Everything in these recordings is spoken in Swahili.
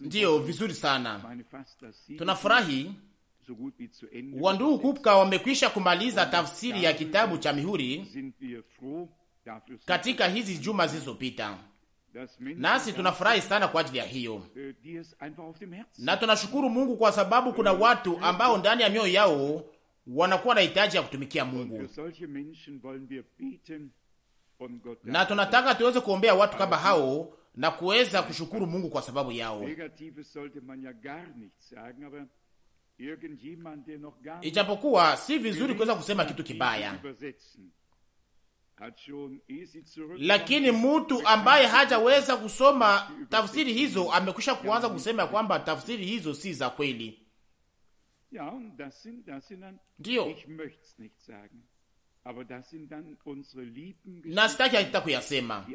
Ndiyo, vizuri sana, tunafurahi wandugu Kupka wamekwisha kumaliza tafsiri ya kitabu cha mihuri katika hizi juma zilizopita, nasi tunafurahi sana kwa ajili ya hiyo, äh, na tunashukuru Mungu kwa sababu kuna watu ambao ndani ya mioyo yao wanakuwa na hitaji ya kutumikia Mungu na tunataka tuweze kuombea watu kama hao na kuweza kushukuru Mungu kwa sababu yao. Ijapokuwa si vizuri kuweza kusema kitu kibaya, lakini mtu ambaye hajaweza kusoma tafsiri hizo amekwisha kuanza kusema kwamba tafsiri hizo si za kweli. Ndiyo na sitaki akita kuyasema,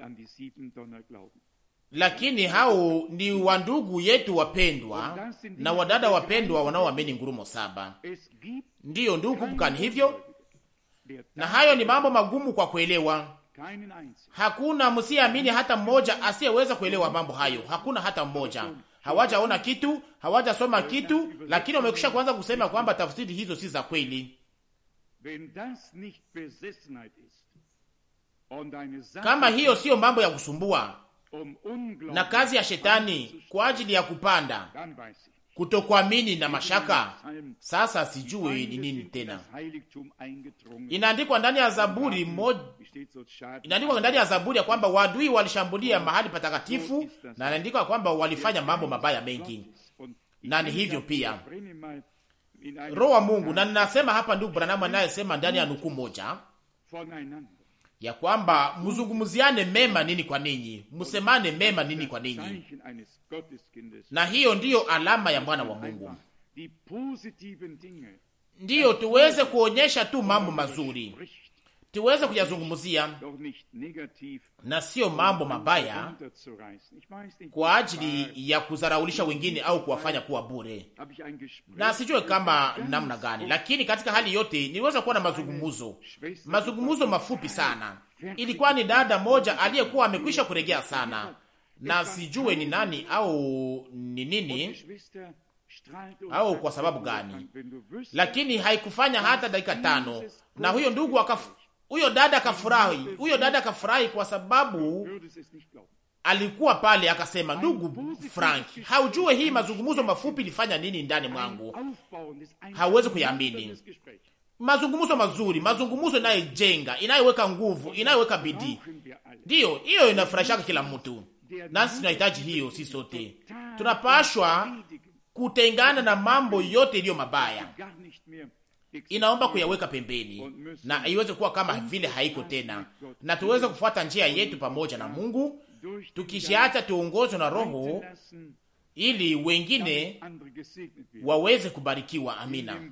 lakini hao ni wandugu yetu wapendwa na wadada wapendwa wanaoamini ngurumo saba. Ndiyo ndugu bukani, hivyo na hayo ni mambo magumu kwa kuelewa. Hakuna msiamini hata mmoja asiyeweza kuelewa mambo hayo, hakuna hata mmoja. Hawajaona kitu, hawajasoma kitu, lakini wamekwisha kuanza kusema kwamba tafsiri hizo si za kweli. Kama hiyo siyo mambo ya kusumbua um na kazi ya shetani kwa ajili ya kupanda kutokuamini na mashaka, sasa sijui ni nini tena. Inaandikwa ndani ya Zaburi mo... inaandikwa ndani ya Zaburi ya kwamba wadui walishambulia mahali patakatifu, na inaandikwa kwamba walifanya mambo mabaya mengi, na ni hivyo pia Roho wa Mungu. Na ninasema hapa, ndugu Branamu anayesema ndani ya nukuu moja ya kwamba mzungumziane mema nini kwa ninyi, msemane mema nini kwa ninyi, na hiyo ndiyo alama ya mwana wa Mungu, ndiyo tuweze kuonyesha tu mambo mazuri tuweze kuyazungumzia na siyo mambo um mabaya kwa ajili ya kuzaraulisha wengine au kuwafanya kuwa bure, na sijue kama namna gani, lakini katika hali yote niliweza kuwa na mazungumzo mazungumzo mafupi sana. Ilikuwa ni dada moja aliyekuwa amekwisha kuregea sana, na sijue ni nani au ni nini au kwa sababu gani, lakini haikufanya hata dakika tano, na huyo ndugu akafu huyo dada kafurahi, huyo dada kafurahi kwa sababu alikuwa pale, akasema ndugu Frank, haujue hii mazungumzo mafupi ilifanya nini ndani mwangu, hauwezi kuyaamini. Mazungumzo mazuri, mazungumzo inayojenga, inayoweka nguvu, inayoweka bidii, ndiyo hiyo inafurahishaka kila mtu. Nasi tunahitaji hiyo, si sote tunapashwa kutengana na mambo yote iliyo mabaya inaomba kuyaweka pembeni na iweze kuwa kama vile haiko tena, na tuweze kufuata njia yetu pamoja na Mungu, tukishiacha tuongozwe na Roho ili wengine yaani waweze kubarikiwa. Amina.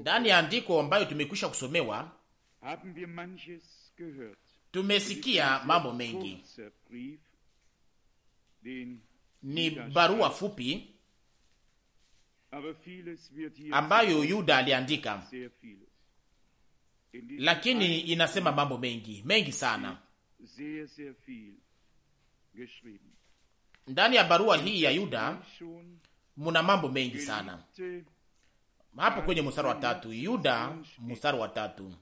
Ndani ya andiko ambayo tumekwisha kusomewa, tumesikia mambo mengi. Ni barua fupi ambayo Yuda aliandika, lakini inasema mambo mengi mengi sana ndani ya barua hii ya Yuda muna mambo mengi sana hapo kwenye mstari wa tatu Yuda mstari wa tatu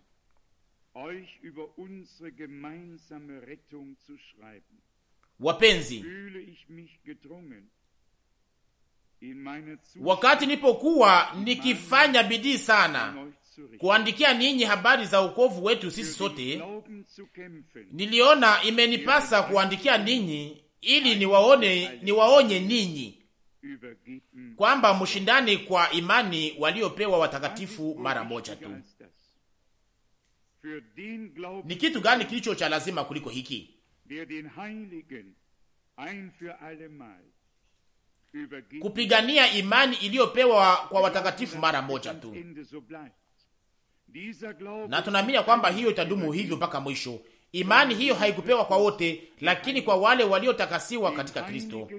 wapenzi wakati nilipokuwa nikifanya bidii sana kuandikia ninyi habari za ukovu wetu sisi sote, niliona imenipasa kuandikia ninyi ili niwaone, niwaonye ninyi kwamba mshindani kwa imani waliopewa watakatifu mara moja tu. Ni kitu gani kilicho cha lazima kuliko hiki? kupigania imani iliyopewa kwa watakatifu mara moja tu, na tunaamini kwamba hiyo itadumu hivyo mpaka mwisho. Imani hiyo haikupewa kwa wote, lakini kwa wale waliotakasiwa katika Kristo,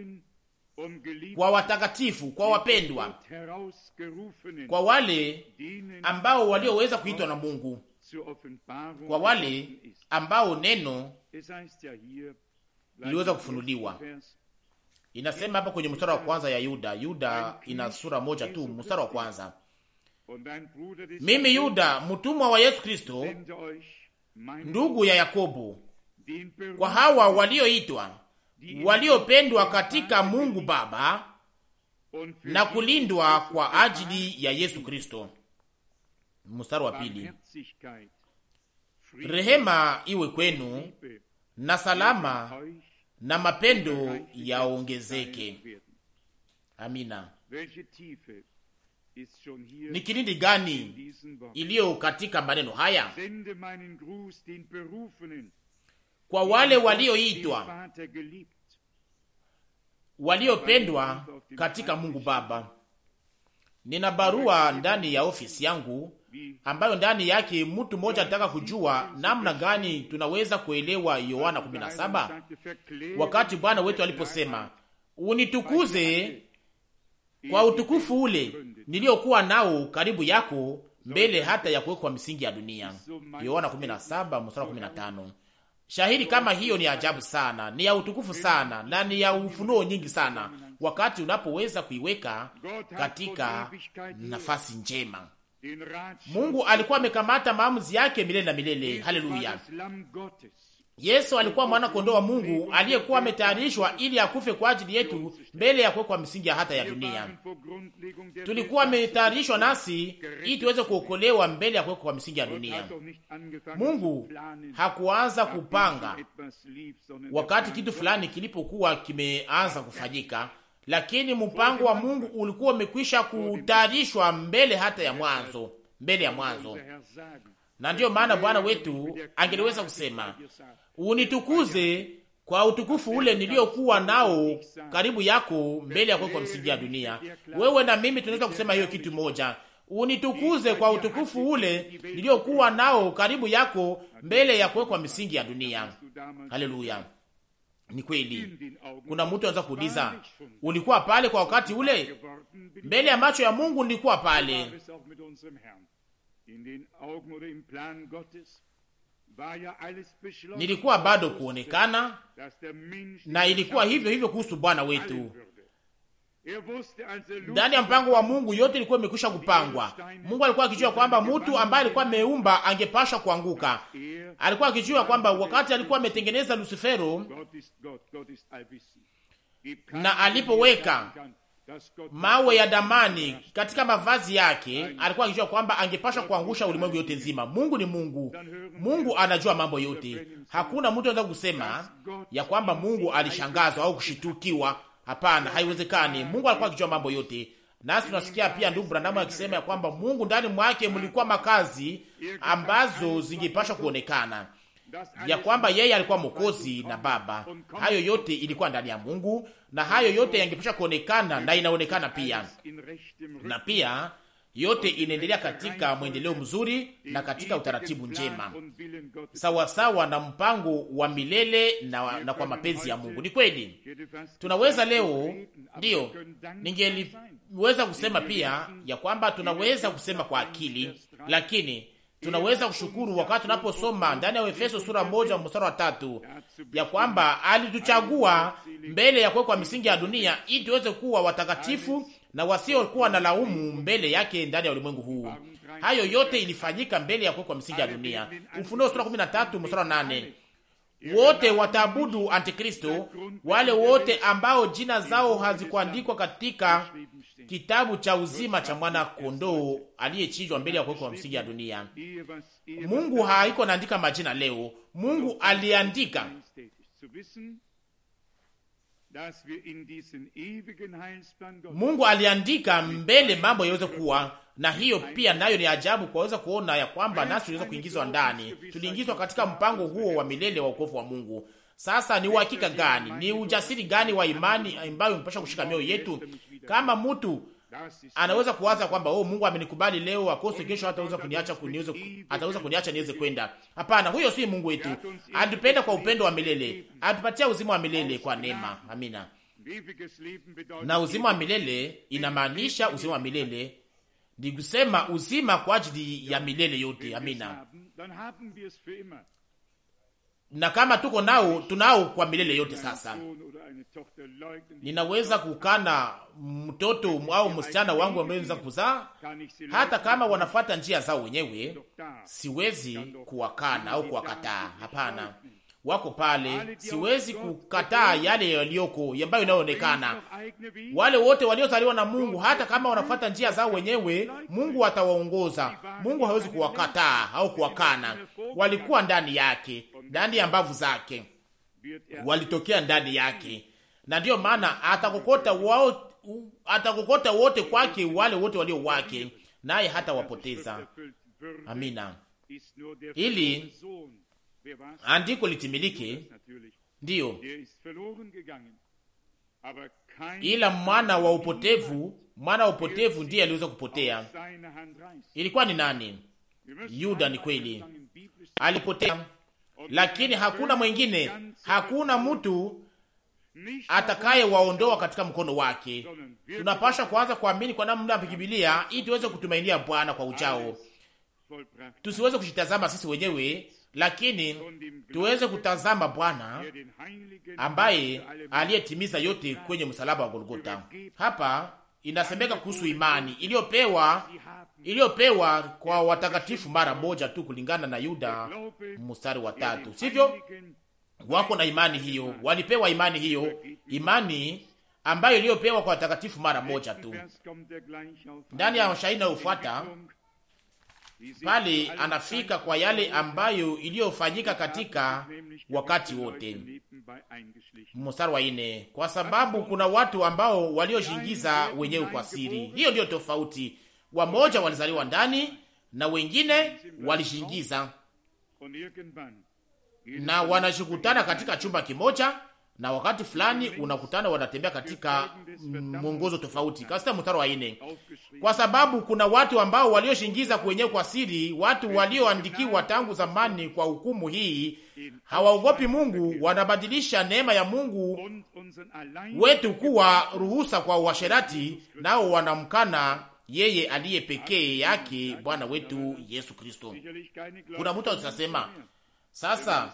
kwa watakatifu, kwa wapendwa, kwa wale ambao walioweza kuitwa na Mungu, kwa wale ambao neno liliweza kufunuliwa. Inasema hapa kwenye mstara wa kwanza ya Yuda. Yuda ina sura moja tu, mstara wa kwanza: mimi Yuda, mtumwa wa Yesu Kristo, ndugu ya Yakobo, kwa hawa walioitwa, waliopendwa katika Mungu Baba na kulindwa kwa ajili ya Yesu Kristo. Mstari wa pili: rehema iwe kwenu na salama na mapendo yaongezeke. Amina. Ni kilindi gani iliyo katika maneno haya! Kwa wale walioitwa, waliopendwa katika Mungu Baba, nina barua ndani ya ofisi yangu ambayo ndani yake mtu mmoja anataka kujua namna gani tunaweza kuelewa Yohana 17 wakati Bwana wetu aliposema, unitukuze kwa utukufu ule niliyokuwa nao karibu yako mbele hata ya kuwekwa misingi ya dunia. Yohana 17 mstari 15. Shahidi kama hiyo ni ajabu sana, ni ya utukufu sana, na ni ya ufunuo nyingi sana, wakati unapoweza kuiweka katika nafasi njema Mungu alikuwa amekamata maamuzi yake milele na milele. Haleluya! Yesu alikuwa mwana kondoo wa Mungu aliyekuwa ametayarishwa ili akufe kwa ajili yetu mbele ya kuwekwa msingi hata ya dunia. Tulikuwa ametayarishwa nasi ili tuweze kuokolewa mbele ya kuwekwa kwa msingi ya dunia. Mungu hakuanza kupanga wakati er kitu fulani kilipokuwa kimeanza kufanyika, lakini mpango wa Mungu ulikuwa umekwisha kutayarishwa mbele hata ya mwanzo, mbele ya mwanzo. Na ndiyo maana Bwana wetu angeliweza kusema unitukuze kwa utukufu ule niliokuwa nao karibu yako mbele ya kuwekwa msingi ya dunia. Wewe na mimi tunaweza kusema hiyo kitu moja, unitukuze kwa utukufu ule niliokuwa nao karibu yako mbele ya kuwekwa misingi ya dunia. Haleluya! Ni kweli, kuna mtu anaweza kuuliza, ulikuwa pale kwa wakati ule? Mbele ya macho ya Mungu nilikuwa pale nilikuwa bado kuonekana, na ilikuwa hivyo hivyo kuhusu Bwana wetu ndani ya mpango wa Mungu yote ilikuwa imekwisha kupangwa. Mungu alikuwa akijua kwamba mtu ambaye alikuwa ameumba angepasha kuanguka. Alikuwa akijua kwamba wakati alikuwa ametengeneza lusifero na alipoweka mawe ya damani katika mavazi yake, alikuwa akijua kwamba angepasha kuangusha ulimwengu yote nzima. Mungu ni Mungu, Mungu anajua mambo yote. Hakuna mtu anaweza kusema ya kwamba Mungu alishangazwa au kushitukiwa Hapana, haiwezekani. Mungu alikuwa akijua mambo yote, nasi tunasikia pia ndugu Brandamu akisema ya kwamba Mungu ndani mwake mlikuwa makazi ambazo zingepashwa kuonekana, ya kwamba yeye alikuwa Mwokozi na Baba. Hayo yote ilikuwa ndani ya Mungu na hayo yote yangepasha kuonekana, na inaonekana pia na pia yote inaendelea katika mwendeleo mzuri na katika utaratibu njema, sawasawa sawa na mpango wa milele na, na kwa mapenzi ya Mungu. Ni kweli tunaweza leo, ndiyo ningeliweza kusema pia ya kwamba tunaweza kusema kwa akili, lakini tunaweza kushukuru wakati tunaposoma ndani ya Efeso sura moja mstari wa tatu ya kwamba alituchagua mbele ya kuwekwa misingi ya dunia ili tuweze kuwa watakatifu na wasiokuwa na laumu mbele yake ndani ya ulimwengu huu. Hayo yote ilifanyika mbele ya kuwekwa msingi ya dunia. Ufunuo sura 13 mstari 8. Wote wataabudu Antikristo, wale wote ambao jina zao hazikuandikwa katika kitabu cha uzima cha mwana kondoo aliyechinjwa mbele ya kuwekwa msingi ya dunia. Mungu haiko naandika majina leo. Mungu aliandika Mungu aliandika mbele mambo yaweze kuwa, na hiyo pia nayo ni ajabu kwaweza kuona ya kwamba nasi tuliweza kuingizwa ndani, tuliingizwa katika mpango huo wa milele wa wokovu wa Mungu. Sasa ni uhakika gani, ni ujasiri gani wa imani ambayo imepasha kushika mioyo yetu kama mtu anaweza kuwaza kwamba oh, Mungu amenikubali leo, akose kesho hataweza kuniacha kuniweze, ataweza kuniacha niweze kwenda. Hapana, huyo si Mungu wetu. Atupenda kwa upendo wa milele, atupatia uzima wa milele kwa neema. Amina. Na uzima wa milele inamaanisha uzima wa milele ni kusema uzima kwa ajili ya milele yote. Amina na kama tuko nao tunao kwa milele yote. Sasa ninaweza kukana mtoto au msichana wangu ameweza kuzaa, hata kama wanafuata njia zao wenyewe, siwezi kuwakana au kuwakataa. Hapana, wako pale, siwezi kukataa yale yaliyoko ambayo inayoonekana. Wale wote waliozaliwa na Mungu, hata kama wanafuata njia zao wenyewe, Mungu atawaongoza. Mungu hawezi kuwakataa au kuwakana. Walikuwa ndani yake, ndani ya mbavu zake, walitokea ndani yake, na ndiyo maana atakokota wao, atakokota wote kwake, wale wote walio wake, naye hata wapoteza. Amina. Ili andiko litimilike, ndiyo ila mwana wa upotevu, mwana wa upotevu ndiye aliweza kupotea. Ilikuwa ni nani? Yuda. Ni kweli alipotea, lakini hakuna mwingine, hakuna mtu atakaye waondoa katika mkono wake. Tunapasha kuanza kuamini kwa namna ya Biblia ili tuweze kutumainia Bwana kwa ujao, tusiweze kushitazama sisi wenyewe lakini tuweze kutazama Bwana ambaye aliyetimiza yote kwenye msalaba wa Golgota. Hapa inasemeka kuhusu imani iliyopewa iliyopewa kwa watakatifu mara moja tu, kulingana na Yuda mstari wa tatu, sivyo? Wako na imani hiyo, walipewa imani hiyo, imani ambayo iliyopewa kwa watakatifu mara moja tu. Ndani ya shahidi inayofuata bali anafika kwa yale ambayo iliyofanyika katika wakati wote. Mstari wa ine, kwa sababu kuna watu ambao walioshingiza wenyewe kwa siri. Hiyo ndiyo tofauti, wamoja walizaliwa ndani na wengine walishingiza, na wanashukutana katika chumba kimoja na wakati fulani unakutana wanatembea katika mwongozo tofauti, katika mstari wa nne, kwa sababu kuna watu ambao walioshingiza kwenye kwa siri, watu walioandikiwa tangu zamani kwa hukumu hii, hawaogopi Mungu, wanabadilisha neema ya Mungu wetu kuwa ruhusa kwa uasherati, nao wanamkana yeye aliye pekee yake Bwana wetu Yesu Kristo. Kuna mtu atasema sasa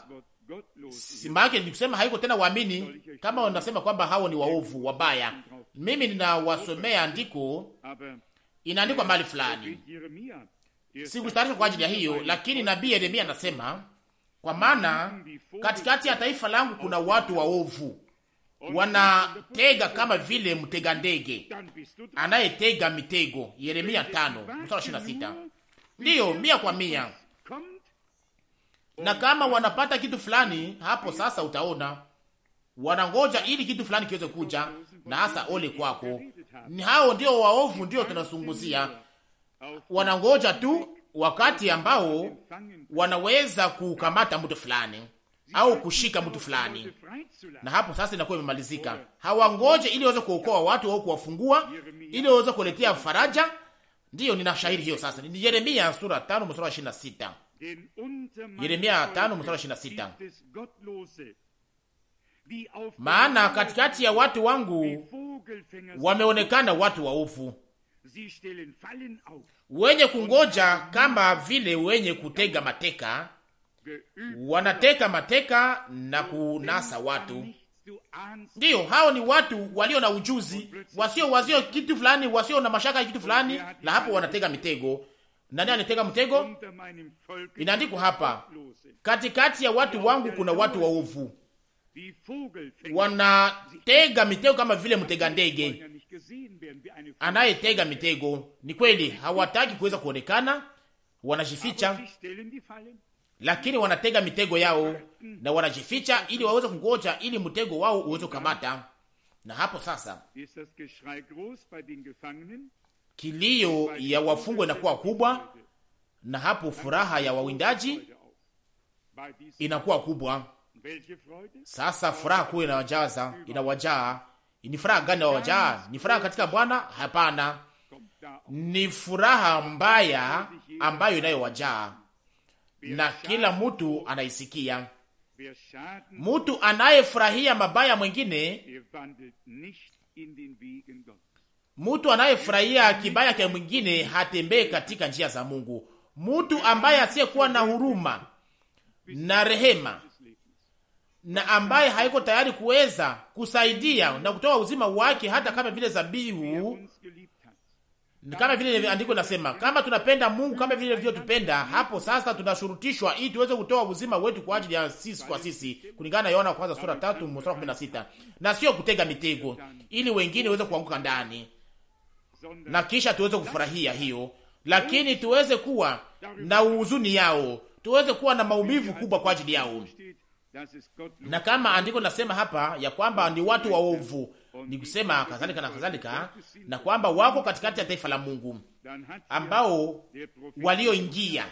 Simake ni kusema haiko tena waamini, kama wanasema kwamba hao ni waovu wabaya. Mimi ninawasomea andiko, inaandikwa mahali fulani, sikustarisha kwa ajili ya hiyo, lakini nabii Yeremia anasema, kwa maana katikati ya taifa langu kuna watu waovu wanatega kama vile mtega ndege anayetega mitego. Yeremia tano mstari ishirini na sita. Ndiyo mia kwa mia na mm. kama wanapata kitu fulani hapo sasa, utaona wanangoja ili kitu fulani kiweze kuja, na hasa ole kwako. Ni hao ndio waovu, ndio tunasunguzia, wanangoja tu wakati ambao wanaweza kukamata mtu fulani au kushika mtu fulani, na hapo sasa inakuwa imemalizika. Hawangoje ili waweze kuokoa watu au kuwafungua ili waweze kuletea faraja. Ndiyo, nina shahiri hiyo. Sasa ni Yeremia sura 5 mstari wa 26. Yeremia mstari Maana katikati ya watu wangu wameonekana watu waovu wenye kungoja kama vile wenye kutega mateka, wanateka mateka na kunasa watu. Ndiyo, hao ni watu walio na ujuzi, wasio wasio kitu fulani, wasio na mashaka ya kitu fulani, na hapo wanatega mitego. Nani anatega mtego? Inaandikwa hapa, katikati ya watu wangu kuna watu waovu wanatega mitego kama vile mtega ndege anayetega mitego. Ni kweli hawataki kuweza kuonekana, wanajificha, lakini wanatega mitego yao na wanajificha, ili waweze kungoja, ili mtego wao uweze kukamata. Na hapo sasa kilio ya wafungwa inakuwa kubwa, na hapo furaha ya wawindaji inakuwa kubwa. Sasa furaha kuu inawajaza, inawajaa. Ni furaha gani inawajaa? Ni furaha katika Bwana? Hapana, ni furaha mbaya ambayo inayowajaa na kila mtu anaisikia. Mtu anayefurahia mabaya mwengine mutu anayefurahia kibaya kya mwingine hatembee katika njia za Mungu. mutu ambaye asiyekuwa na huruma na rehema na ambaye haiko tayari kuweza kusaidia na kutoa uzima wake hata kama vile zabihu, kama vile andiko nasema, kama tunapenda Mungu kama vile vilivyotupenda, hapo sasa tunashurutishwa ili tuweze kutoa uzima wetu kwa ajili ya sisi kwa sisi, kulingana na Yohana kwanza sura tatu mstari 16, na sio kutega mitego ili wengine waweze kuanguka ndani na kisha tuweze kufurahia hiyo, lakini tuweze kuwa na huzuni yao, tuweze kuwa na maumivu kubwa kwa ajili yao. Na kama andiko linasema hapa ya kwamba ni watu waovu, ni kusema kadhalika na kadhalika, na kwamba wako katikati ya taifa la Mungu ambao walioingia.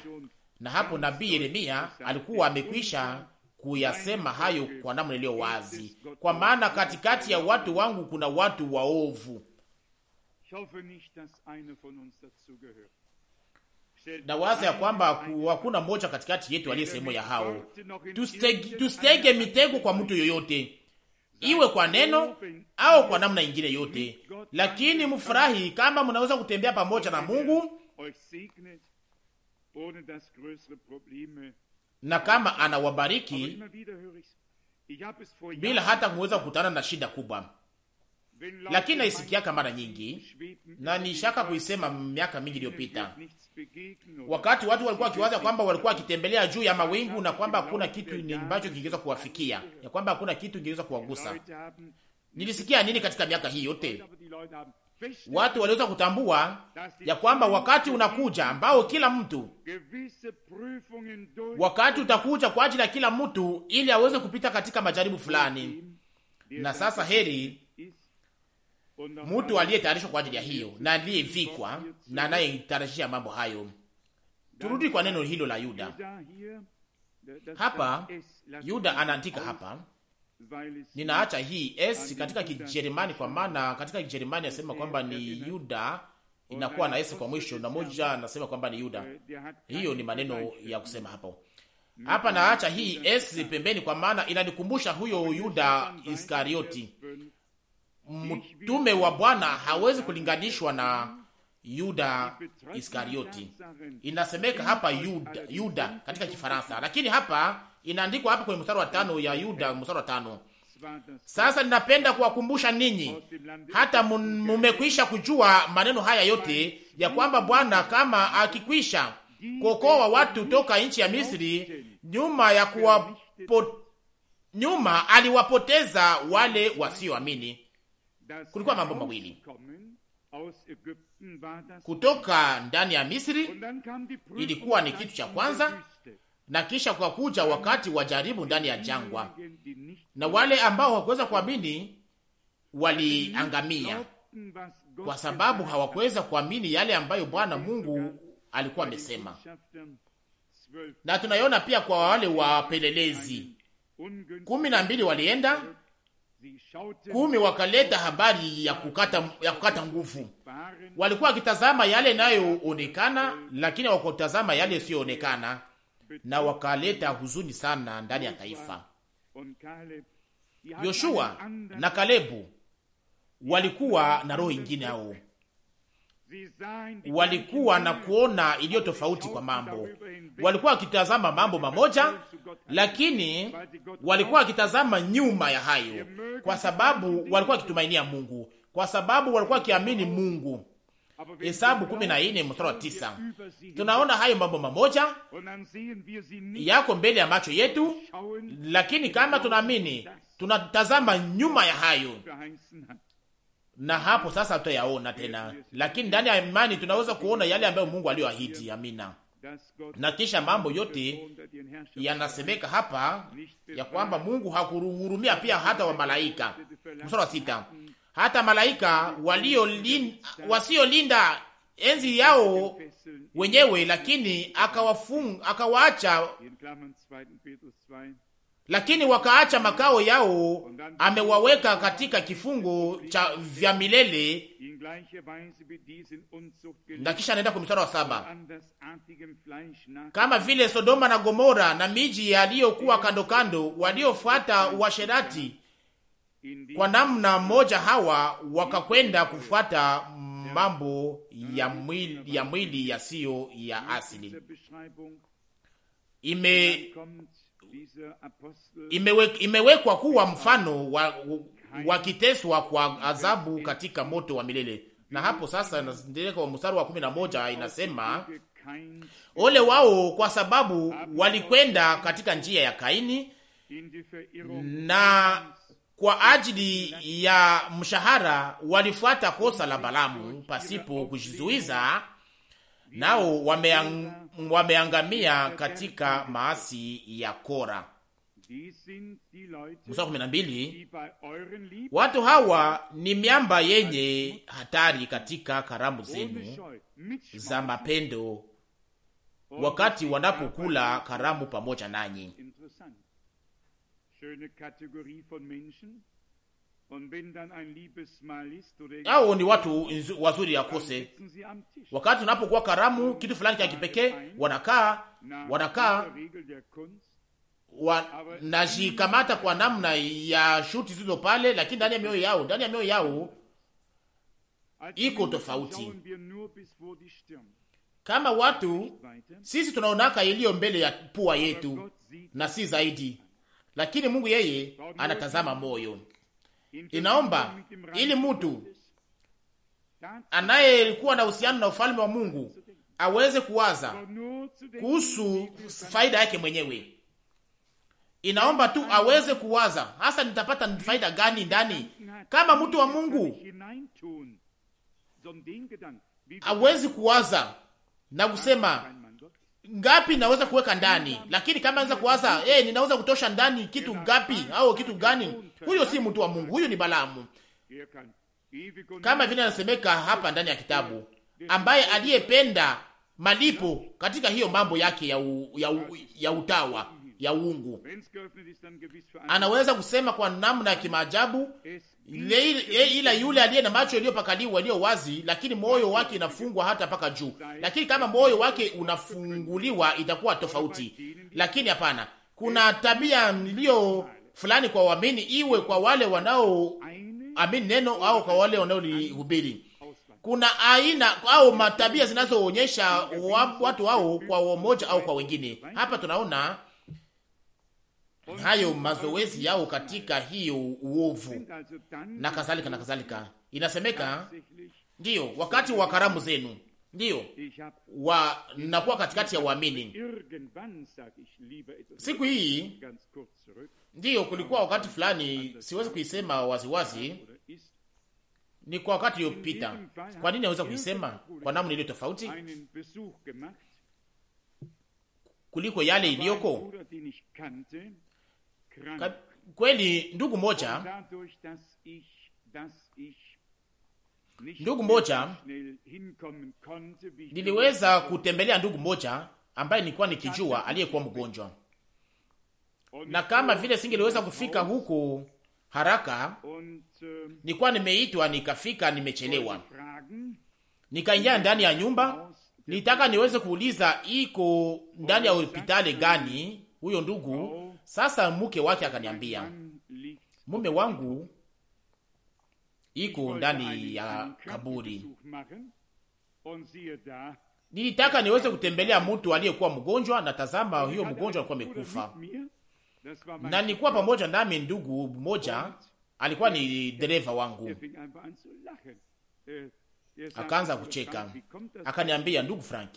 Na hapo nabii Yeremia alikuwa amekwisha kuyasema hayo kwa namna iliyo wazi, kwa maana katikati ya watu wangu kuna watu waovu na waza ya kwamba hakuna mmoja katikati yetu aliye sehemu ya hao. Tusitege mitego kwa mtu yoyote, iwe kwa neno au kwa namna ingine yote, lakini mfurahi kama mnaweza kutembea pamoja na Mungu er na kama anawabariki bila hata kuweza kukutana na shida kubwa lakini naisikiaka mara nyingi na nishaka kuisema miaka mingi iliyopita, wakati watu walikuwa wakiwaza kwamba walikuwa wakitembelea juu ya mawingu na kwamba hakuna kitu ambacho kingeweza kuwafikia, ya kwamba hakuna kitu kingeweza kuwagusa. Nilisikia nini katika miaka hii yote? Watu waliweza kutambua ya kwamba wakati unakuja ambao kila mtu, wakati utakuja kwa ajili ya kila mtu ili aweze kupita katika majaribu fulani. Na sasa heri mtu aliyetayarishwa kwa ajili ya hiyo na aliyevikwa na anayetarajia mambo hayo. Turudi kwa neno hilo la Yuda hapa. Yuda anaandika hapa, ninaacha hii s katika Kijerumani kwa maana katika Kijerumani anasema kwamba ni Yuda inakuwa na s kwa mwisho, na moja anasema kwamba ni Yuda. Hiyo ni maneno ya kusema hapo hapa naacha hii s pembeni, kwa maana inanikumbusha huyo Yuda Iskarioti mtume wa Bwana hawezi kulinganishwa na Yuda Iskarioti. Inasemeka hapa Yuda, Yuda katika Kifaransa, lakini hapa inaandikwa hapa kwenye mstari wa tano ya Yuda, mstari wa tano. Sasa ninapenda kuwakumbusha ninyi, hata mumekwisha kujua maneno haya yote ya kwamba Bwana kama akikwisha kuokoa watu toka nchi ya Misri, nyuma ya kuwapo, nyuma aliwapoteza wale wasioamini kulikuwa mambo mawili kutoka ndani ya Misri ilikuwa ni kitu cha kwanza, na kisha kwa kuja wakati wa jaribu ndani ya jangwa, na wale ambao hawakuweza kuamini waliangamia kwa sababu hawakuweza kuamini yale ambayo Bwana Mungu alikuwa amesema. Na tunaiona pia kwa wale wapelelezi kumi na mbili walienda kumi wakaleta habari ya kukata, ya kukata nguvu. Walikuwa wakitazama yale inayoonekana lakini wakotazama yale yasiyoonekana, na wakaleta huzuni sana ndani ya taifa. Yoshua na Kalebu walikuwa na roho ingine hao walikuwa na kuona iliyo tofauti kwa mambo. Walikuwa wakitazama mambo mamoja, lakini walikuwa wakitazama nyuma ya hayo, kwa sababu walikuwa wakitumainia Mungu, kwa sababu walikuwa wakiamini Mungu. Hesabu kumi na nne mstari wa tisa. Tunaona hayo mambo mamoja yako mbele ya macho yetu, lakini kama tunaamini tunatazama nyuma ya hayo na hapo sasa tutayaona tena, lakini ndani ya imani tunaweza kuona yale ambayo Mungu aliyoahidi. Amina. Na kisha mambo yote yanasemeka hapa ya kwamba Mungu hakuruhurumia pia hata wa malaika. Mstari wa sita, hata malaika waliolinda wasiolinda enzi yao wenyewe, lakini akawafung akawaacha lakini wakaacha makao yao, amewaweka katika kifungo cha vya milele. Na kisha anaenda kwa mstari wa saba, kama vile Sodoma na Gomora na miji yaliyokuwa kando kando, waliofuata uasherati kwa namna moja, hawa wakakwenda kufuata mambo ya mwili yasiyo ya, ya asili ime imewe, imewekwa kuwa mfano wa wakiteswa kwa adhabu katika moto wa milele. Na hapo sasa wa mstari wa kumi na moja inasema ole wao kwa sababu walikwenda katika njia ya Kaini na kwa ajili ya mshahara walifuata kosa la Balamu pasipo kujizuiza, nao wameang wameangamia katika maasi ya Kora. watu hawa ni miamba yenye hatari katika karamu zenu za mapendo, wakati wanapokula karamu pamoja nanyi au ni watu wazuri ya kose Wakati unapokuwa karamu kitu fulani cha kipekee, wanakaa wanakaa wanashikamata kwa namna ya shuti zilizo pale, lakini ndani ya mioyo yao, ndani ya mioyo yao iko tofauti. Kama watu sisi tunaonaka iliyo mbele ya pua yetu na si zaidi, lakini Mungu yeye anatazama moyo inaomba ili mtu anayekuwa na uhusiano na ufalme wa Mungu aweze kuwaza kuhusu faida yake mwenyewe. Inaomba tu aweze kuwaza hasa, nitapata faida gani ndani kama mtu wa Mungu awezi kuwaza na kusema ngapi naweza kuweka ndani, lakini kama anza kuwaza hey, eh, ninaweza kutosha ndani kitu ngapi au kitu gani, huyo si mtu wa Mungu, huyo ni Balaamu, kama vile anasemeka hapa ndani ya kitabu, ambaye aliyependa malipo katika hiyo mambo yake ya, u, ya, u, ya utawa ya uungu. Anaweza kusema kwa namna ya kimaajabu ile, ila yule aliye na macho yaliyopakaliwa yaliyo wazi, lakini moyo wake inafungwa hata mpaka juu. Lakini kama moyo wake unafunguliwa itakuwa tofauti, lakini hapana. Kuna tabia iliyo fulani kwa waamini, iwe kwa wale wanaoamini neno au kwa wale wanaolihubiri. Kuna aina au matabia zinazoonyesha watu wao kwa wamoja au kwa wengine. Hapa tunaona hayo mazoezi yao katika hiyo uovu na kadhalika na kadhalika. Inasemeka ndiyo wakati wa karamu zenu ndiyo wanakuwa katikati ya waamini. Siku hii ndiyo kulikuwa wakati fulani, siwezi kuisema waziwazi, ni kwa wakati uliopita. Kwa nini naweza kuisema kwa namna iliyo tofauti kuliko yale iliyoko? kweli ndugu moja, ndugu moja, niliweza kutembelea ndugu moja ambaye nilikuwa nikijua aliyekuwa mgonjwa, na kama vile singeliweza kufika huko haraka, äh, nilikuwa nimeitwa nikafika, nimechelewa, nikaingia ndani ya nyumba nitaka niweze kuuliza iko ndani ya hospitali gani huyo ndugu, oh, sasa mke wake akaniambia, mume wangu iko ndani ya kaburi. Nilitaka niweze kutembelea mtu aliyekuwa mgonjwa, na tazama, huyo mgonjwa alikuwa amekufa. Na nilikuwa pamoja nami, ndugu mmoja alikuwa ni dereva wangu, akaanza kucheka, akaniambia, ndugu Frank,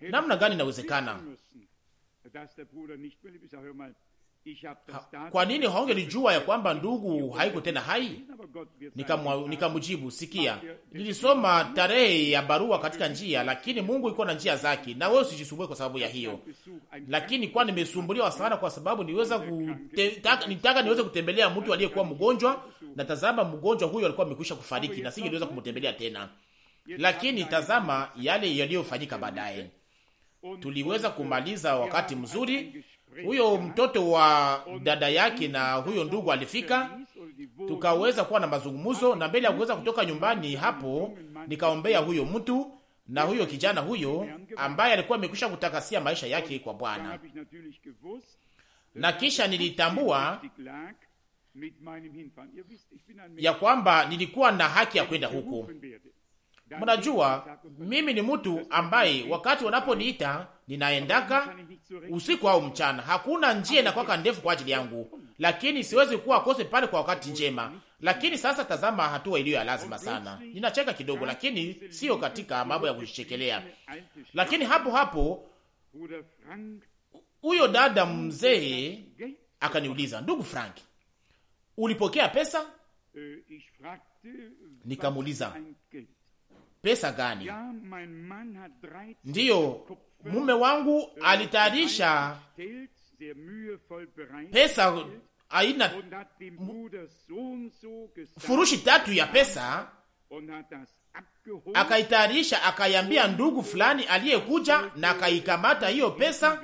namna gani inawezekana kwa nini haungelijua ya kwamba ndugu haiko tena hai? Nikamjibu, nika sikia, nilisoma tarehe ya barua katika njia, lakini Mungu iko na njia zake, na wewe usijisumbue kwa sababu ya hiyo. Lakini kwa nimesumbuliwa sana, kwa sababu niweza kutaka, nitaka niweze kutembelea mtu aliyekuwa mgonjwa, na tazama, mgonjwa huyo alikuwa amekwisha kufariki na singeweza kumtembelea tena. Lakini tazama yale yaliyofanyika baadaye. Tuliweza kumaliza wakati mzuri huyo mtoto wa dada yake na huyo ndugu alifika, tukaweza kuwa na mazungumzo, na mbele ya kuweza kutoka nyumbani hapo nikaombea huyo mtu na huyo kijana huyo ambaye alikuwa amekwisha kutakasia maisha yake kwa Bwana, na kisha nilitambua ya kwamba nilikuwa na haki ya kwenda huko. Mnajua, mimi ni mtu ambaye wakati wanaponiita ninaendaka usiku au mchana, hakuna njia inakwaka ndefu kwa ajili yangu, lakini siwezi kuwa kose pale kwa wakati njema. Lakini sasa tazama, hatua iliyo ya lazima sana. Ninacheka kidogo, lakini sio katika mambo ya kujichekelea. Lakini hapo hapo huyo dada mzee akaniuliza, ndugu Frank, ulipokea pesa? Nikamuuliza, pesa gani? Ndiyo, mume wangu alitayarisha pesa aina furushi tatu ya pesa akaitayarisha, akaiambia ndugu fulani aliyekuja na akaikamata hiyo pesa,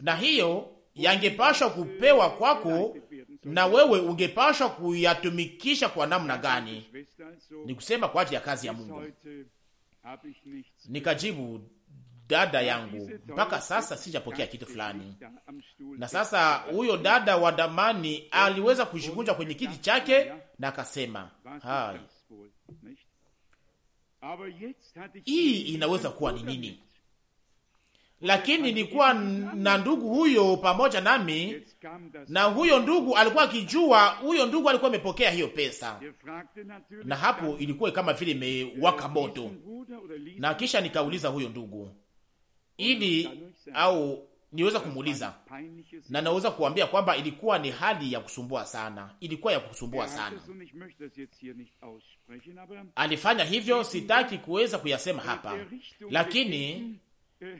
na hiyo yangepashwa kupewa kwako, na wewe ungepashwa kuyatumikisha kwa namna gani? Ni kusema kwa ajili ya kazi ya Mungu. Nikajibu, dada yangu, mpaka sasa sijapokea kitu fulani. Na sasa huyo dada wa damani aliweza kujikunja kwenye kiti chake na akasema, hai, hii inaweza kuwa ni nini? Lakini nilikuwa na ndugu huyo pamoja nami, na huyo ndugu alikuwa akijua, huyo ndugu alikuwa amepokea hiyo pesa, na hapo ilikuwa kama vile imewaka moto. Na kisha nikauliza huyo ndugu ili au niweza kumuuliza, na naweza kuambia kwamba ilikuwa ni hali ya kusumbua sana, ilikuwa ya kusumbua sana. Alifanya hivyo, sitaki kuweza kuyasema hapa, lakini äh,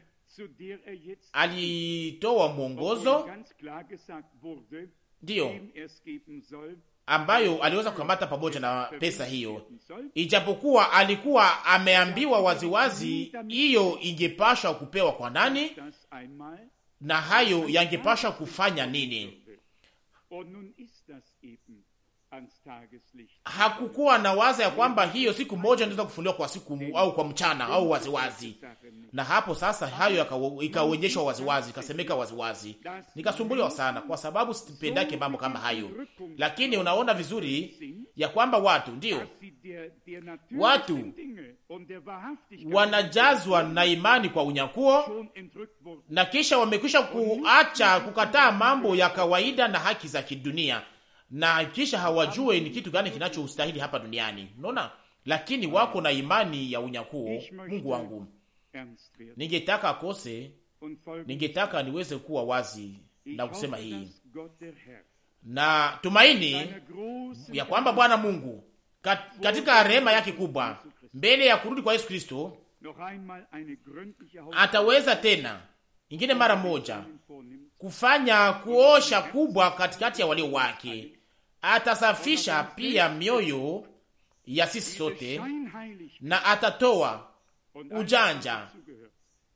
er alitoa mwongozo, ndiyo ambayo aliweza kukamata pamoja na pesa hiyo, ijapokuwa alikuwa ameambiwa waziwazi hiyo ingepashwa kupewa kwa nani na hayo yangepashwa kufanya nini. Hakukuwa na waza ya kwamba hiyo siku moja inaweza kufunuliwa kwa siku au kwa mchana au waziwazi wazi na hapo sasa hayo ikaonyeshwa waziwazi, ikasemeka waziwazi. Nikasumbuliwa sana, kwa sababu sipendake mambo kama hayo, lakini unaona vizuri ya kwamba watu ndio watu wanajazwa na imani kwa unyakuo, na kisha wamekwisha kuacha kukataa mambo ya kawaida na haki za kidunia, na kisha hawajue ni kitu gani kinachostahili hapa duniani. Unaona, lakini wako na imani ya unyakuo. Mungu wangu Ningetaka akose, ningetaka niweze kuwa wazi na kusema hii na tumaini ya kwamba Bwana Mungu kat, katika rehema yake kubwa mbele ya kurudi kwa Yesu Kristo ataweza tena ingine mara moja kufanya kuosha kubwa katikati ya walio wake. Atasafisha pia mioyo ya sisi sote na atatoa ujanja,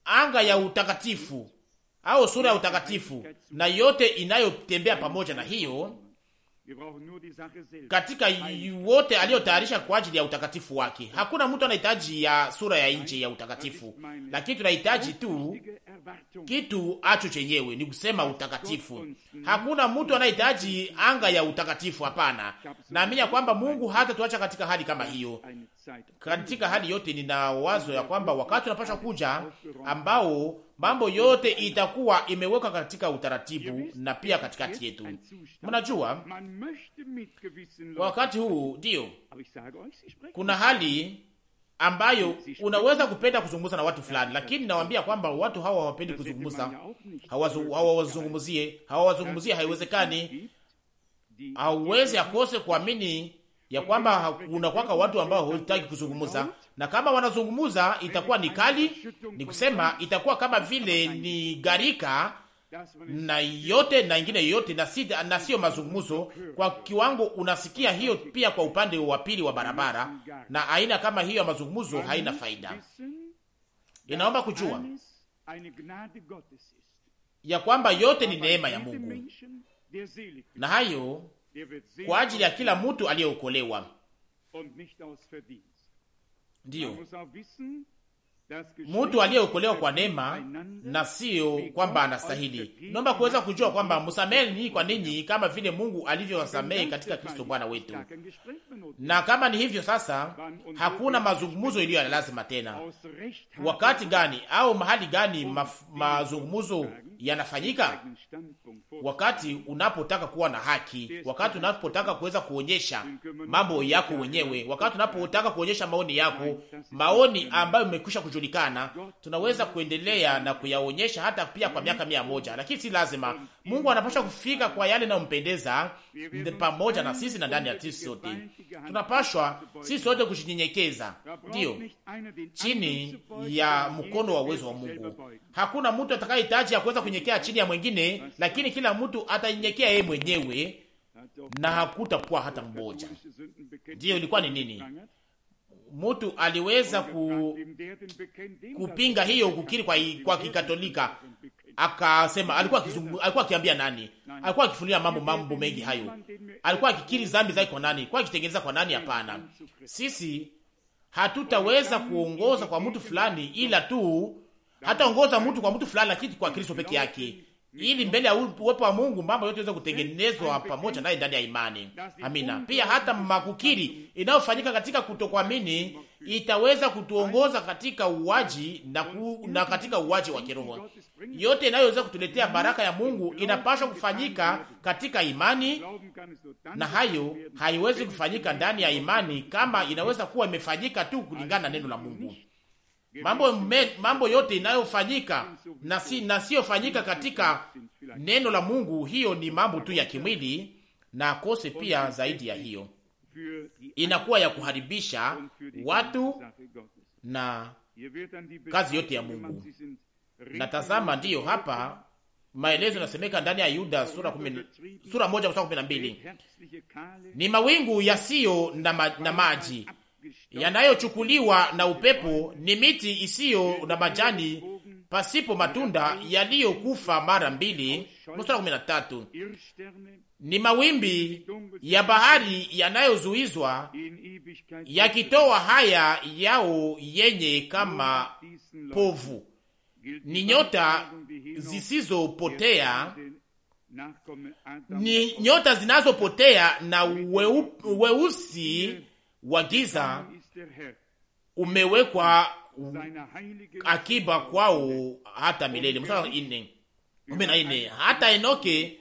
anga ya utakatifu au sura ya utakatifu na yote inayotembea pamoja na hiyo katika wote aliyotayarisha kwa ajili ya utakatifu wake. Hakuna mtu anahitaji ya sura ya nje ya utakatifu, lakini tunahitaji tu kitu acho chenyewe, ni kusema utakatifu. Hakuna mtu anahitaji anga ya utakatifu, hapana. Naamini ya kwamba Mungu hata tuacha katika hali kama hiyo. Katika hali yote, nina wazo ya kwamba wakati unapashwa kuja ambao mambo yote itakuwa imewekwa katika utaratibu na pia katikati yetu. Mnajua, wakati huu ndio kuna hali ambayo unaweza kupenda kuzungumza na watu fulani, lakini nawaambia kwamba watu hawa hawapendi kuzungumza, hawawazungumzie, hawawazungumzie, haiwezekani. Hauwezi akose kuamini ya kwamba kuna kwaka watu ambao hutaki kuzungumza na kama wanazungumuza itakuwa ni kali, ni kusema itakuwa kama vile ni gharika na yote na ingine yote na si, na siyo mazungumzo kwa kiwango. Unasikia hiyo pia kwa upande wa pili wa barabara, na aina kama hiyo ya mazungumzo haina faida. Inaomba kujua ya kwamba yote ni neema ya Mungu, na hayo kwa ajili ya kila mtu aliyeokolewa Ndiyo, mutu aliyeokolewa kwa neema na siyo kwamba anastahili. Naomba kuweza kujua kwamba musamehe ninyi kwa ninyi kama vile Mungu alivyowasamehe katika Kristo Bwana wetu. Na kama ni hivyo sasa, hakuna mazungumuzo iliyo ya lazima tena. Wakati gani au mahali gani maf, yanafanyika wakati unapotaka kuwa na haki, wakati unapotaka kuweza kuonyesha mambo yako wenyewe, wakati unapotaka kuonyesha maoni yako, maoni ambayo imekwisha kujulikana, tunaweza kuendelea na kuyaonyesha hata pia kwa miaka mia moja, lakini si lazima. Mungu anapasha kufika kwa yale nayompendeza pamoja na sisi na ndani ya sisi sote. Tunapashwa sisi sote kushinyenyekeza, ndio chini ya mkono wa uwezo wa Mungu. Hakuna mtu atakayehitaji ya kuweza kunyekea chini ya mwingine, lakini kila mtu atanyenyekea yeye mwenyewe na hakutakuwa hata mmoja. Ndiyo, ilikuwa ni nini? Mtu aliweza ku, kupinga hiyo kukiri kwa, kwa Kikatolika akasema, alikuwa akizungumza, alikuwa akiambia nani? Alikuwa akifunulia mambo mambo mengi hayo. Alikuwa akikiri dhambi zake kwa nani? Kwa akitengeneza kwa nani? Hapana, sisi hatutaweza kuongoza kwa mtu fulani, ila tu hataongoza mtu kwa mtu fulani, lakini kwa Kristo peke yake ili mbele ya uwepo wa Mungu mambo yote yaweze kutengenezwa pamoja naye ndani ya imani. Amina. Pia hata makukiri inayofanyika katika kutokuamini itaweza kutuongoza katika uwaji na, ku, na katika uwaji wa kiroho. Yote inayoweza kutuletea baraka ya Mungu inapaswa kufanyika katika imani, na hayo haiwezi kufanyika ndani ya imani kama inaweza kuwa imefanyika tu kulingana na neno la Mungu mambo, me, mambo yote inayofanyika na si, nasiyofanyika katika neno la Mungu, hiyo ni mambo tu ya kimwili na akose pia zaidi ya hiyo, inakuwa ya kuharibisha watu na kazi yote ya Mungu. Na tazama, ndiyo hapa maelezo inasemeka ndani ya Yuda sura kumi, sura moja mstari kumi na mbili ni mawingu yasiyo na, ma, na maji yanayochukuliwa na upepo ni miti isiyo na majani pasipo matunda yaliyokufa mara mbili. Mstari kumi na tatu ni mawimbi ya bahari yanayozuizwa yakitoa haya yao yenye kama povu, ni nyota zisizopotea ni nyota zinazopotea na weu, weusi wa giza umewekwa akiba kwao hata milele. Mstari ine kumi na ine hata Enoke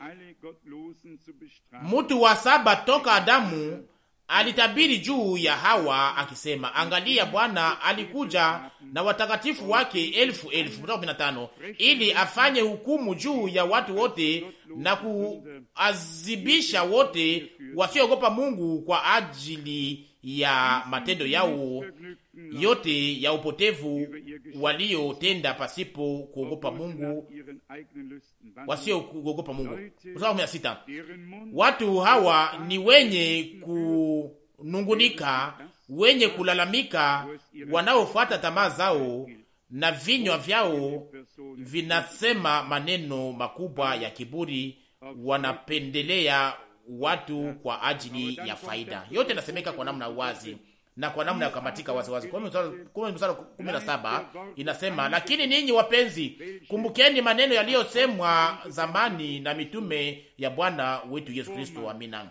mtu wa saba toka Adamu alitabiri juu ya Hawa akisema, angalia, Bwana alikuja na watakatifu wake elfu elfu, kumi na tano, ili afanye hukumu juu ya watu wote na kuazibisha wote wasiogopa Mungu kwa ajili ya matendo yao yote ya upotevu waliotenda pasipo kuogopa Mungu, wasio kuogopa Mungu. Kumi na sita. Watu hawa ni wenye kunungunika, wenye kulalamika, wanaofuata tamaa zao na vinywa vyao vinasema maneno makubwa ya kiburi, wanapendelea watu kwa ajili ya faida yote. Inasemeka kwa namna wazi na kwa namna ya kukamatika waziwazi. Mstari kumi na saba inasema, lakini ninyi wapenzi, kumbukeni maneno yaliyosemwa zamani na mitume ya Bwana wetu Yesu Kristo. Amina,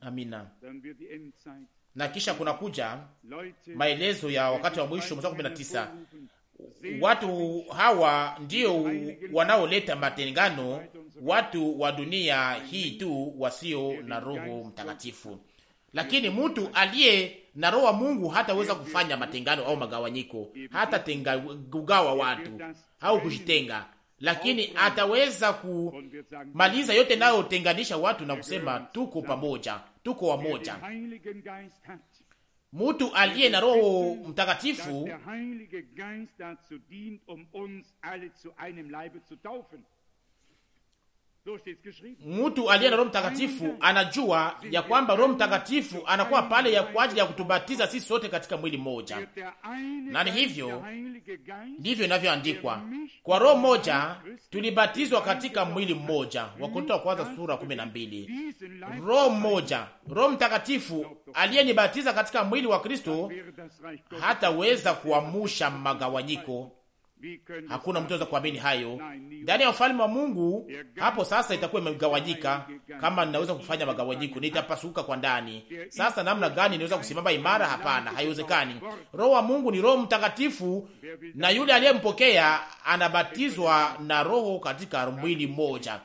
amina. Na kisha kuna kuja maelezo ya wakati wa mwisho, mstari kumi na tisa watu hawa ndio wanaoleta matengano watu wa dunia hii tu wasio na Roho Mtakatifu, lakini mtu aliye na Roho wa Mungu hataweza kufanya matengano au magawanyiko, hata tenga kugawa watu au kujitenga, lakini ataweza kumaliza yote nayotenganisha watu na kusema tuko pamoja, tuko wamoja. Mtu aliye na Roho Mtakatifu Mtu aliye na Roho Mtakatifu anajua ya kwamba Roho Mtakatifu anakuwa pale ya kwa ajili ya kutubatiza sisi sote katika mwili mmoja, na ni hivyo ndivyo inavyoandikwa, kwa roho moja tulibatizwa katika mwili mmoja, Wakorintho wa kwanza sura 12 na Roho moja, Roho Mtakatifu aliyenibatiza katika mwili wa Kristo hataweza kuamusha magawanyiko Hakuna mtu anaweza kuamini hayo ndani ya ufalme wa Mungu. Hapo sasa itakuwa imegawanyika, kama ninaweza kufanya magawanyiko, nitapasuka kwa ndani. Sasa namna gani inaweza kusimama imara? Hapana, haiwezekani. Roho wa Mungu ni Roho Mtakatifu, na yule aliyempokea anabatizwa na Roho katika mwili mmoja.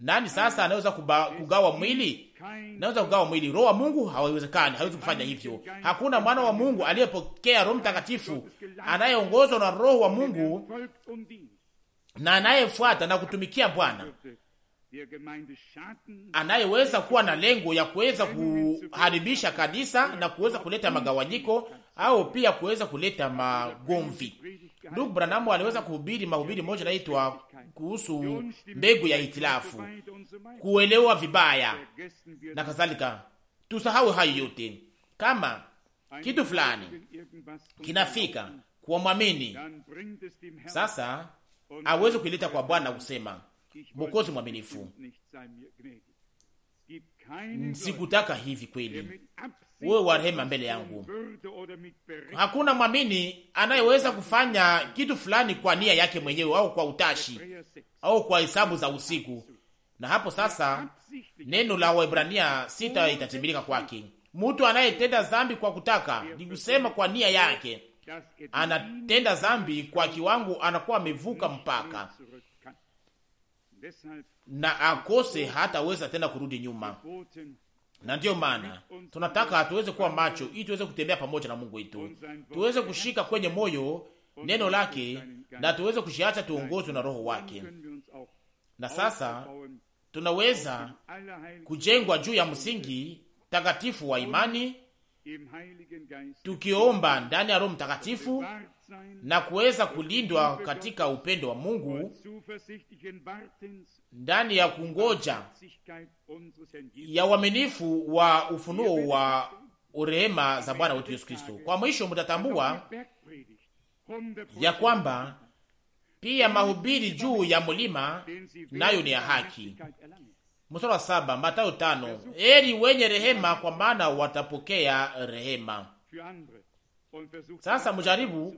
Nani sasa anaweza kugawa mwili? Naweza kugawa mwili. Roho wa Mungu hawezekani, hawezi kufanya hivyo. Hakuna mwana wa Mungu aliyepokea Roho Mtakatifu anayeongozwa na Roho wa Mungu na anayefuata na kutumikia Bwana anayeweza kuwa na lengo ya kuweza kuharibisha kanisa na kuweza kuleta magawanyiko au pia kuweza kuleta magomvi. Ndugu Branamu aliweza kuhubiri mahubiri moja naitwa kuhusu mbegu ya hitilafu, kuelewa vibaya na kadhalika. Tusahau hayo yote. Kama kitu fulani kinafika kwa mwamini, sasa aweze kuileta kwa Bwana kusema, Mwokozi mwaminifu, sikutaka hivi kweli wewe wa rehema mbele yangu. Hakuna mwamini anayeweza kufanya kitu fulani kwa nia yake mwenyewe au kwa utashi au kwa hesabu za usiku. Na hapo sasa neno la Waebrania sita itatimilika kwake. Mtu anayetenda zambi kwa kutaka, ni kusema kwa nia yake, anatenda zambi kwa kiwango, anakuwa amevuka mpaka na akose, hataweza tena kurudi nyuma na ndiyo maana tunataka tuweze kuwa macho ili tuweze kutembea pamoja na Mungu wetu, tuweze kushika kwenye moyo neno lake na tuweze kushiacha tuongozwe na Roho wake. Na sasa tunaweza kujengwa juu ya msingi takatifu wa imani tukiomba ndani ya Roho Mtakatifu na kuweza kulindwa katika upendo wa Mungu ndani ya kungoja ya uaminifu wa ufunuo wa urehema za Bwana wetu Yesu Kristo. Kwa mwisho, mtatambua ya kwamba pia mahubiri juu ya mulima nayo ni ya haki. Mstari wa saba, Mathayo tano, heri wenye rehema kwa maana watapokea rehema. Sasa mujaribu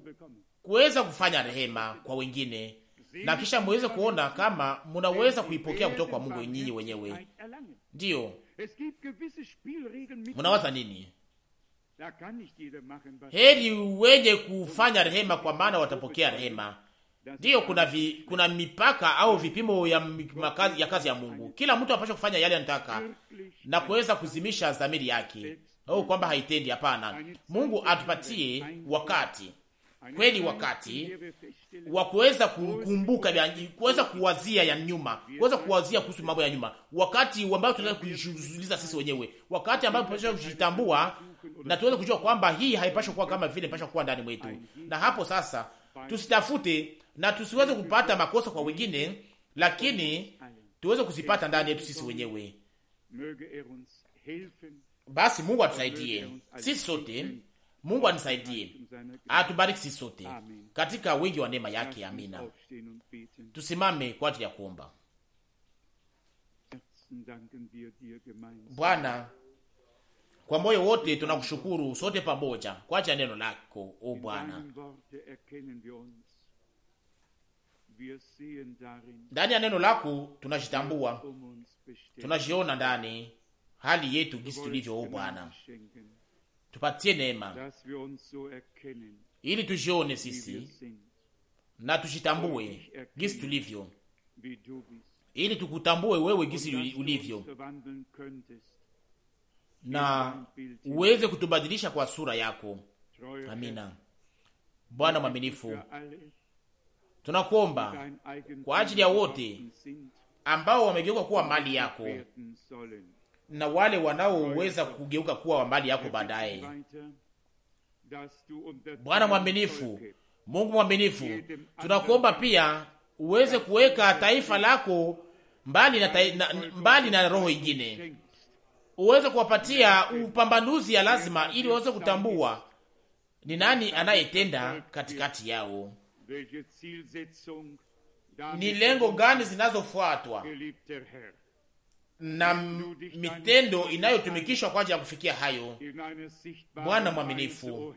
kuweza kufanya rehema kwa wengine na kisha muweze kuona kama munaweza kuipokea kutoka kwa Mungu nyinyi wenyewe. Ndiyo, munawaza nini? Heri er wenye kufanya rehema, kwa maana watapokea rehema. Ndiyo, kuna vi, kuna mipaka au vipimo ya, makazi, ya kazi ya Mungu. Kila mtu anapaswa kufanya yale anataka na kuweza kuzimisha dhamiri yake au kwamba haitendi. Hapana, Mungu atupatie wakati kweli, wakati wa kuweza kukumbuka, kuweza kuwazia ya nyuma, kuweza kuwazia kuhusu mambo ya nyuma, wakati ambao tunaweza kujishughuliza sisi wenyewe, wakati ambao tunaweza kujitambua na tuweze kujua kwamba hii haipashwa kuwa kama vile ipashwa kuwa ndani mwetu, na hapo sasa tusitafute na tusiweze kupata makosa kwa wengine, lakini tuweze kuzipata ndani yetu sisi wenyewe. Basi Mungu atusaidie sisi sote, Mungu anisaidie, atubariki sisi sote katika wingi wa neema yake. Amina. Tusimame kwa ajili ya kuomba. Bwana, kwa moyo wote tunakushukuru sote pamoja kwa ajili ya neno lako, o Bwana. Ndani ya neno lako tunajitambua, tunajiona ndani hali yetu jinsi tulivyo, o oh Bwana, tupatie neema ili tujione sisi na tujitambue gisi tulivyo, ili tukutambue wewe gisi ulivyo, na uweze kutubadilisha kwa sura yako. Amina. Bwana mwaminifu, tunakuomba kwa ajili ya wote ambao wamegeuka kuwa mali yako na wale wanaoweza kugeuka kuwa wa mali yako baadaye. Bwana mwaminifu, Mungu mwaminifu, tunakuomba pia uweze kuweka taifa lako mbali na, ta, na, mbali na roho ingine, uweze kuwapatia upambanuzi ya lazima, ili waweze kutambua ni nani anayetenda katikati yao, ni lengo gani zinazofuatwa na mitendo inayotumikishwa kwa ajili ya kufikia hayo. Bwana mwaminifu,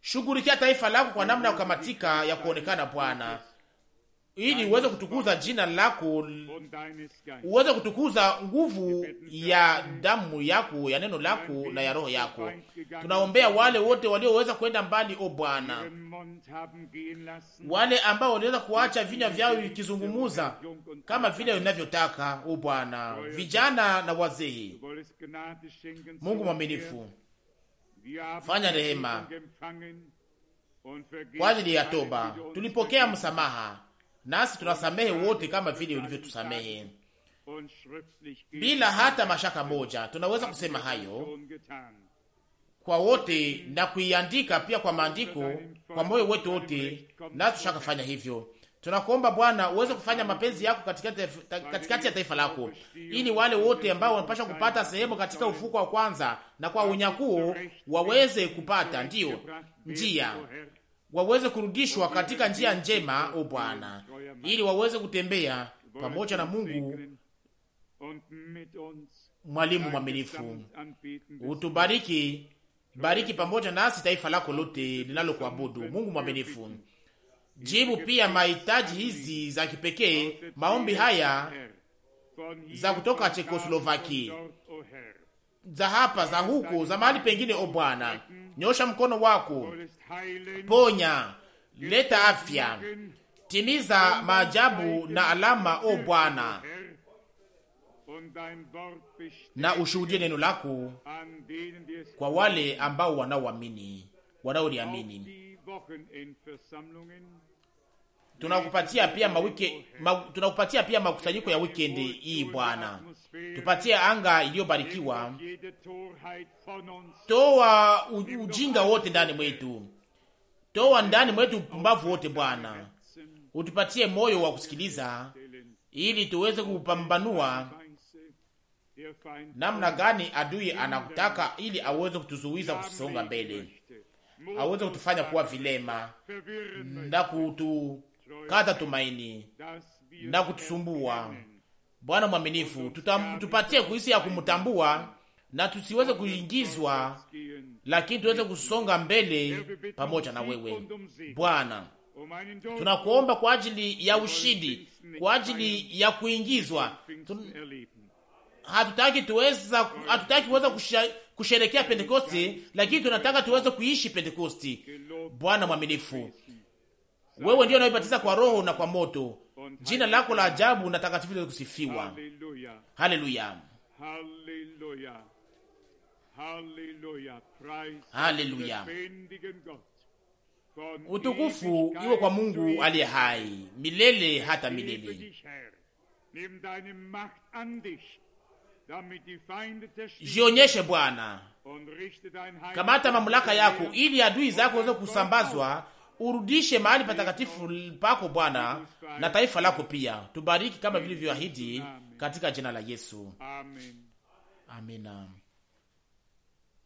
shughulikia taifa lako kwa namna ya kukamatika ya kuonekana Bwana ili uweze kutukuza jina lako, uweze kutukuza nguvu ya damu yako, ya neno lako na ya roho yako. Tunaombea wale wote walioweza kwenda mbali, o Bwana, wale ambao waliweza kuacha vinywa vyao vikizungumuza kama vile unavyotaka, o Bwana, vijana na wazee. Mungu mwaminifu, fanya rehema kwa ajili ya toba. Tulipokea msamaha nasi tunasamehe wote kama vile ulivyotusamehe, bila hata mashaka moja. Tunaweza kusema hayo kwa wote na kuiandika pia kwa maandiko kwa moyo wetu wote, nasi tushakafanya hivyo. Tunakuomba Bwana uweze kufanya mapenzi yako katikati, ya taifa lako, ili wale wote ambao wanapasha kupata sehemu katika ufuko wa kwanza na kwa unyakuo waweze kupata ndiyo njia waweze kurudishwa katika njia njema, o Bwana, ili waweze kutembea pamoja na Mungu mwalimu mwaminifu. Utubariki, bariki pamoja nasi taifa lako lote linalokuabudu. Mungu mwaminifu, jibu pia mahitaji hizi za kipekee, maombi haya za kutoka Chekoslovaki, za hapa, za huko, za mahali pengine, o Bwana Nyosha mkono wako, ponya, leta afya, timiza maajabu na alama, o Bwana, na ushuhudie neno lako kwa wale ambao wanaoamini, wanaoliamini. Tunakupatia pia ma, tunakupatia pia makusanyiko ya wikendi hii Bwana tupatie anga iliyobarikiwa, toa ujinga wote ndani mwetu, toa ndani mwetu upumbavu wote Bwana, utupatie moyo wa kusikiliza, ili tuweze kupambanua namna gani adui anakutaka, ili aweze kutuzuiza kusonga mbele, aweze kutufanya kuwa vilema na kutukata tumaini na kutusumbua Bwana mwaminifu, tupatie kuhisi ya kumtambua na tusiweze kuingizwa, lakini tuweze kusonga mbele pamoja na wewe Bwana. Tunakuomba kwa ajili ya ushindi, kwa ajili ya kuingizwa. Tun... hatutaki tuweza, hatutaki kuweza kusherekea Pentekosti, lakini tunataka tuweze kuishi Pentekosti. Bwana mwaminifu, wewe ndio unayebatiza kwa Roho na kwa moto Jina lako la ajabu na takatifu liweze kusifiwa. Haleluya, haleluya. Utukufu iwe kwa Mungu aliye hai milele hata milele. Jionyeshe Bwana, kamata mamlaka yako ili adui zako waweze kusambazwa urudishe mahali patakatifu pako Bwana na taifa lako pia. Tubariki kama vilivyoahidi katika jina la Yesu. Amen. Amina.